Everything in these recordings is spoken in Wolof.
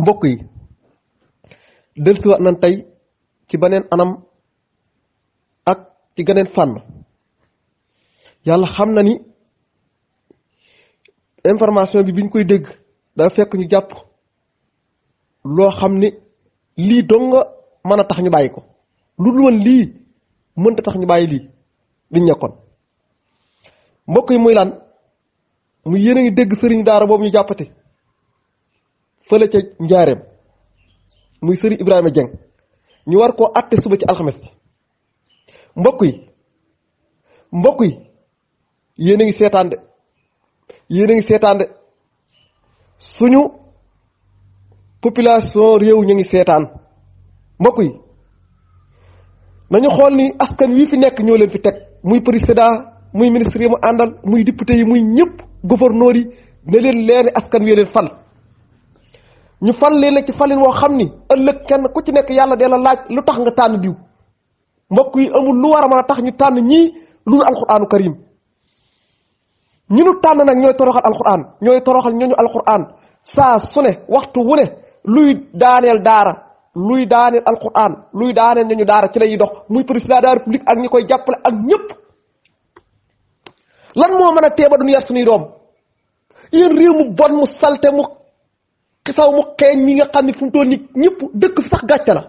mbokk yi dellusiwaat nañ tey ci beneen anam ak ci geneen fànn yàlla xam na ni information bi biñ koy dégg dafa fekk ñu jàpp loo xam ni lii dong nga mën a tax ñu bàyyi ko lu dul woon lii mënta tax ñu bàyyi lii liñ ñekkoon mbokk yi muy laan mu yéen a ngi dégg sëriñ daara boobu ñu jàppate fële ca njaareem muy sëriñ Ibrahima Dieng ñu war koo àtte suba ci alxames mbokk yi mbokk yi yéen a ngi seetaan de yéen a ngi seetaan de suñu population réew ñu ngi seetaan mbokk yi nañu xool ni askan wii fi nekk ñoo leen fi teg muy président muy ministre mu àndal muy député yi muy ñëpp gouverneur yi ne leen leer askan wi leen fal ñu fal leen ci falin woo xam ni ëllëg kenn ku ci nekk yàlla dee la laaj lu tax nga tànn diw mbokk yi amul lu war a mën a tax ñu tànn ñii lu ñu alquraanu karim ñi nu tànn nag ñooy toroxal alquraan ñooy toroxal ñooñu alquraan saa su ne waxtu wu ne luy daaneel daara luy daaneel alquraan luy daaneel ñooñu daara ci lay dox muy président de la république ak ñi koy jàppale ak ñëpp lan moo mën a teeba duñu yar suñuy doom yéen réew mu bon mu salte xisaaw mu xeeñ mi nga xam ni fu mu toll nii ñëpp dëkk sax gàcce la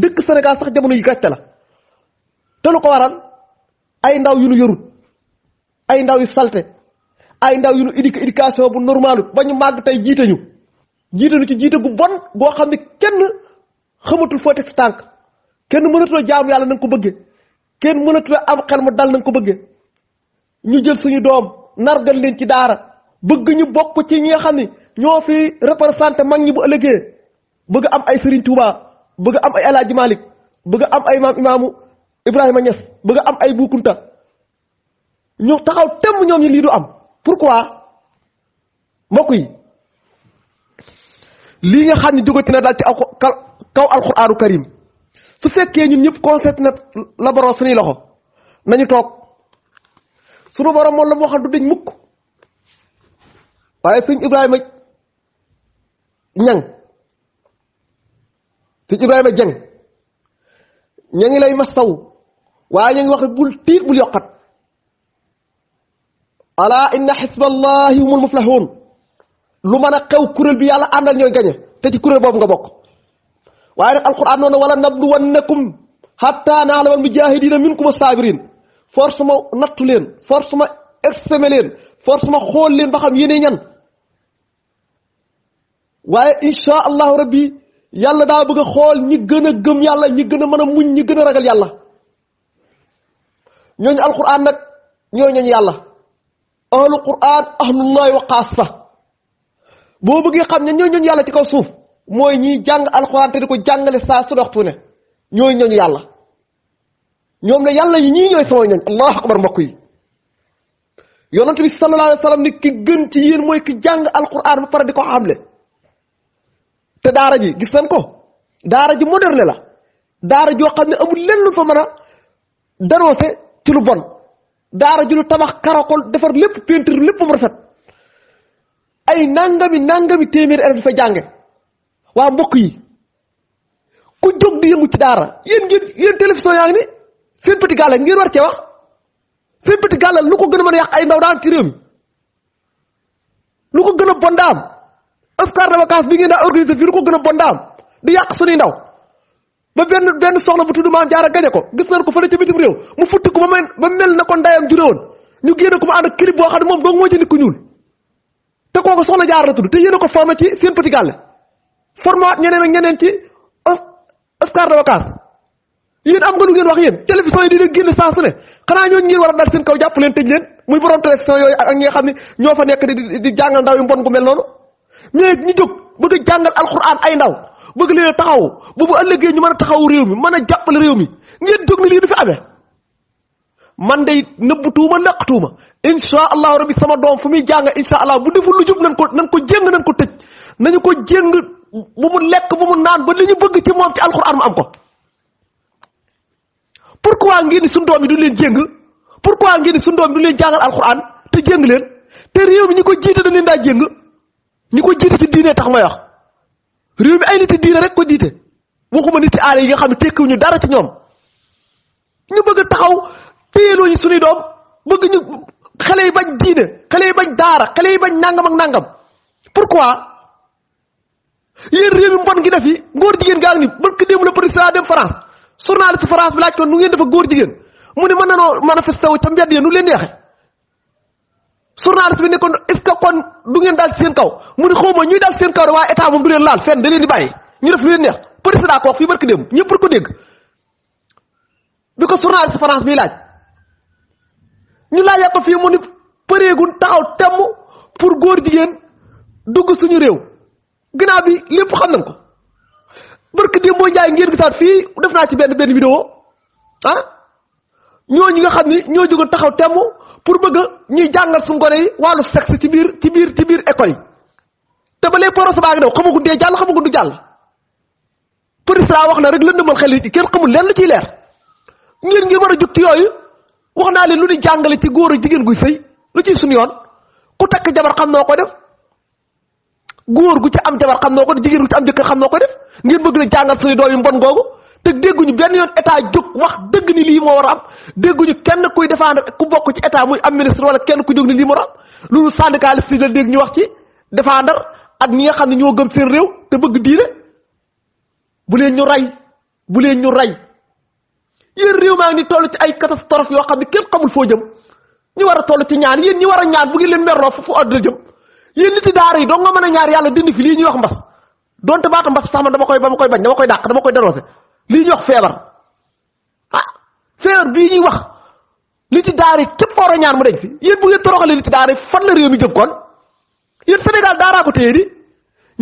dëkk Sénégal sax jamono yi gàcce la te lu ko waral ay ndaw yu nu yorut ay ndaw yu salte ay ndaw yu nu éducation bu normalu ba ñu màgg tey jiite ñu jiite ñu ci jiite gu bon goo xam ne kenn xamatul foote teg tànk kenn mënatoo jaamu yàlla na nga ko bëggee kenn mënatoo am xel mu dal na nga ko bëggee ñu jël suñu doom nargal leen ci daara bëgg ñu bokk ci ñi nga xam ne ñoo fi représenté mag ñi bu ëllëgee bëgg am ay Serigne Touba bëgg am ay El Hadj Malick bëgg am ay maam imaamu Ibrahima Niass bëgg am ay Boukounta ñu taxaw temm ñoom ñi lii du am pourquoi mbokk yi lii nga xam ne jógati na daal ci kaw alquraanu karim su fekkee ñun ñëpp concept na la borom suñuy loxo nañu toog suñu borom moom la moo xam du dañ mukk waaye sëñ Ibrahima ñang sëñ Ibrahima Jeng ña ngi lay mastaw waaye ña wax ne bul tiit bul yokkat ala inna xisballahi humul muflahun lu man a xew kuréel bi yàlla àndal ñooy gañe te ci kuréel boobu nga bokk waaye nag alquran noonu wala nabluwannakum xatta naalama almujahidina minkum asaabirin force ma nattu leen force ma extémé leen force ma xool leen ba xam yéene ñan waaye insha allahu rabbi yàlla daa bëgg a xool ñi gën a gëm yàlla ñi gën a mën a muñ ñi gën a ragal yàlla ñooñ alquran nag ñoo ñooñu yàlla ahlu quran ahlullahi wa boo bëggee xam ne ñoo ñooñu yàlla ci kaw suuf mooy ñiy jàng alquran te di ko jàngale saa su waxtu ne ñooy ñooñu yàlla ñoom la yàlla yi ñii ñooy sama ñooñ allahu akbar mbokk yi yonent bi sallallahu alayhi ni ki gën ci yéen mooy ki jàng alquran ba pare di ko xamle te daara ji gis nañ ko daara ji moderne la daara joo xam ne amul lenn lu fa man a danoose ci lu bon daara ji lu tabax karakol defar lépp peinture lépp mu rafet ay nangami nangami téeméeri élèves dafa jànge waa mbokk yi ku jóg di yëngu ci daara yéen ngeen yéen télévision yaa ngi ni seen petit gàllal ngeen war cee wax seen petit lu ko gën a mën a yàq ay ndaw daan ci réew mi lu ko gën a bon daam star de vacance bi ngeen daa organiser fii lu ko gën a bon daam di yàq suñuy ndaw ba benn benn soxna bu tudd maam jaara gañe ko gis ko fële ci bitim réew mu futti ko ba mel na ko ko boo moo ci nit ku ñuul te kooku soxna jaara a ñeneen ak ñeneen ci Oscar de vacance yéen am nga lu a dal seen kaw jàpp xam ne ñoo fa nekk di di jàngal ndaw yu mbon gu mel noonu mais ñu jóg bëgg a jàngal alxuraan ay ndaw bëgg leen taxaw bu bu ëllëgee ñu mën a taxaw réew mi mën a jàppale réew mi ngeen jóg ne lii du fi amee man day nëbb tuuma naq tuuma insha allahu rabbi sama doom fu muy jàng insha allah bu deful lu jub nan ko nan ko jéng nan ko tëj nañu ko jéng bu mu lekk bu mu naan ba li ñu bëgg ci moom ci alxuraan mu am ko pourquoi ngeen ni suñu doom yi du leen jéng pourquoi ngeen ni suñu doom yi du leen jàngal alxuraan te jéng leen te réew mi ñi ko jiite dañ daa jéng ñi ko jiite ci diine tax may wax réew mi ay nit diine rek ko jiite waxuma nit aale yi nga xam ne tekkiwuñu dara ci ñoom ñu bëgg taxaw téyeloo ñu suñuy doom bëgg ñu xale yi bañ diine xale yi bañ daara xale yi bañ nangam ak pour pourquoi yéen réew mi mbon gi def yi góor jigéen gaa ngi ni bën ko démb la président dem France journaliste France bi laaj ko nu ngeen dafa góor jigéen mu ne ma nanoo manifesté wu ca mbedd yi nu leen neexe journaliste bi ne kon du ngeen daal ci seen kaw mu ne xawma ñuy daal ci seen kaw de waaye état moom du leen laal fenn da leen di bàyyi ñu def leen neex président ko wax fii barki démb ñëpp ko dégg bi ko journaliste France bi laaj ñu laajee ko fii mu ni pareegun taxaw temm pour góor jigéen dugg suñu réew ginnaaw bi lépp xam nañ ko barki démb boo njaay ngeen gisaat fii def naa ci benn benn vidéo ah ñoo ñooñu nga xam ni ñoo jóg taxaw temm pour bëgg ñuy jàngal suñu gone yi wàllu sexe ci biir ci biir ci biir école yi te ba léegi projet baa ngi daw xamagu dee jàll xamagu du jàll président wax na rek lëndëmal xel yi kenn xamul lenn la ciy leer ngeen ngir war a jug ci yooyu wax naa leen lu ñuy jàngale ci góor ak jigéen guy sëy lu ciy suñu yoon ku takk jabar xam noo ko def góor gu ci am jabar xam noo ko def jigéen gu ci am jëkkër xam noo ko def ngeen bëgg la jàngal suñu doom yi mbon te dégguñu benn yoon état jóg wax dégg ni lii moo war a am dégguñu kenn kuy défendre ku bokk ci état muy am ministre wala kenn ku jóg ni lii moo war a am loolu syndicaliste yi la dégg ñu wax ci défendre ak ñi nga xam ne ñoo gëm seen réew te bëgg diine bu leen ñu rey bu leen ñu rey yéen réew maa ngi ni toll ci ay catastrophe yoo xam ne kenn xamul foo jëm ñu war a toll ci ñaan yéen ñi war a ñaan bu ngi leen merloo fu àdduna jëm yéen nit daara yi doo nga mën a ñaar yàlla dindi fi lii ñuy wax mbas donte baata mbas sax man dama koy ba koy bañ dama koy dàq dama koy dénoncé lii ñuy wax feebar ah feebar bii ñuy wax li ci daara képp ko war a ñaan mu dañ fi yéen bu ngeen toroxalee li ci daara fan la réew mi jëm kon yéen Sénégal daaraa ko téye di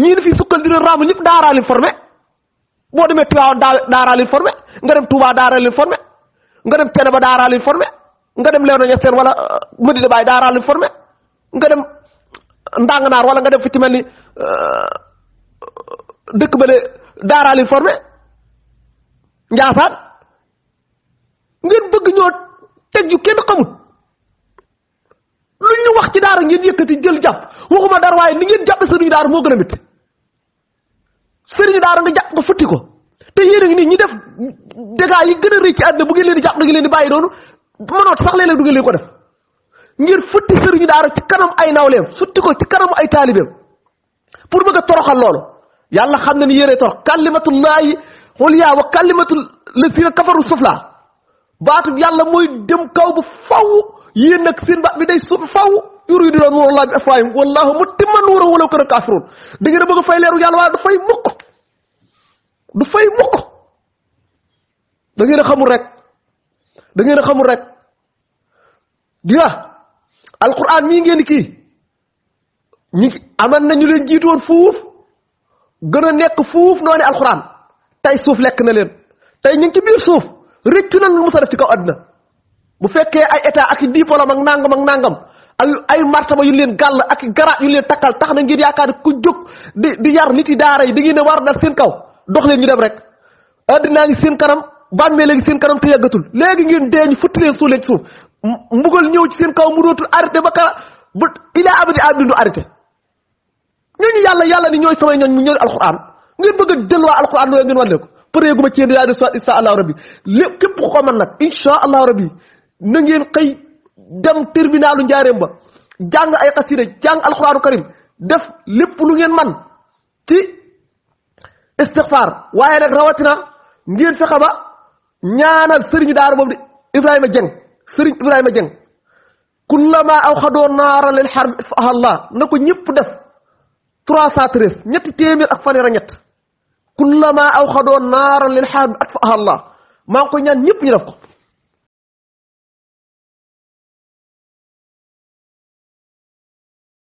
ñii fi sukkal dina raamu ñëpp daaraa leen formé boo demee Tivaouane daaraa leen formé nga dem Touba daaraa leen nga dem Thiénaba ba leen formé nga dem Léona Niassène wala euh, Medina Baye formé nga dem euh, Ndanganaar wala nga dem fi ci mel ni euh, dëkk bële daaraa leen formé njaasaan ngeen bëgg ñoo teg yu kenn xamut lu ñu wax ci daara ngeen yëkkati jël jàpp waxuma dara waaye ni ngeen jàppe sëriñu daara moo gën a métti sëriñu daara nga jàpp ko futti ko te yéen a ngi nii ñi def dégâts yi gën a rëy ci àddina bu ngeen leen di jàpp da leen di bàyyi noonu mënoot sax léeg-léeg du leen ko def ngir futti sëriñu daara ci kanam ay nawleem futti ko ci kanamu ay taalibeem pour bëgg a toroxal loolu yàlla xam na ni yéenay torox kalimatullahi xool yaa wa kalimatul lazina kafaru sufla baatub yàlla mooy dem kaw bu faw yéen nag seen baat bi day suuf faw yuriduna nuurallaahi bi afwaahim wallaahu mutimmu nuurihi walaw kariha kaafiruun da ngeen a a fay leeru yàlla waaye du fay mukk du a xamul rek dangeen a xamul rek di nga alquran mii ngeen kii ñi aman nañu leen jiitu woon fuuf gën a nekk fuuf noonu alquran tey suuf lekk na leen tey ñu ngi ci biir suuf rëccu nañ lu mu def ci kaw àdduna bu fekkee ay état ak i diplôme ak nangam ak nangam ay ay martaba yu leen gàll ak i garaat yu leen takkal tax na ngeen yaakaar ku jóg di di yar nit yi daara yi di ngeen ne war dal seen kaw dox leen ñu dem rek àddinaa ngi seen kanam bàmmee léegi seen kanam te yàggatul léegi ngeen dee ñu futti leen suuf leen ci suuf mbugal ñëw ci seen kaw mu dootul arrêté ba kara ba ilaa abadi abdi du arrêté ñooñu yàlla yàlla ni ñooy samay ñooñ mu ñooy alxuraan ngeen bëgg a delluwaa alquran loola ngeen wàlleeku përee gu ma ci yéen yaa de soit insha allahu rabbi lépp képp ko man nag insha allahu rabbi na ngeen xëy dem terminalu njaareem ba jàng ay xasida jàng alquranu karim def lépp lu ngeen man ci istixfaar waaye nag rawatina ngeen fexe ba ñaanal sëriñu daara boobu di Ibrahima Dieng sëriñ Ibrahima Dieng kullama aw xadoo naara xarbi allah na ko ñëpp def trois cent treize ñetti téeméer ak fanweer a ñett kullama awxadoo naaran lil xaam atfaaha allah maa ngi koy ñaan ñëpp ñu def ko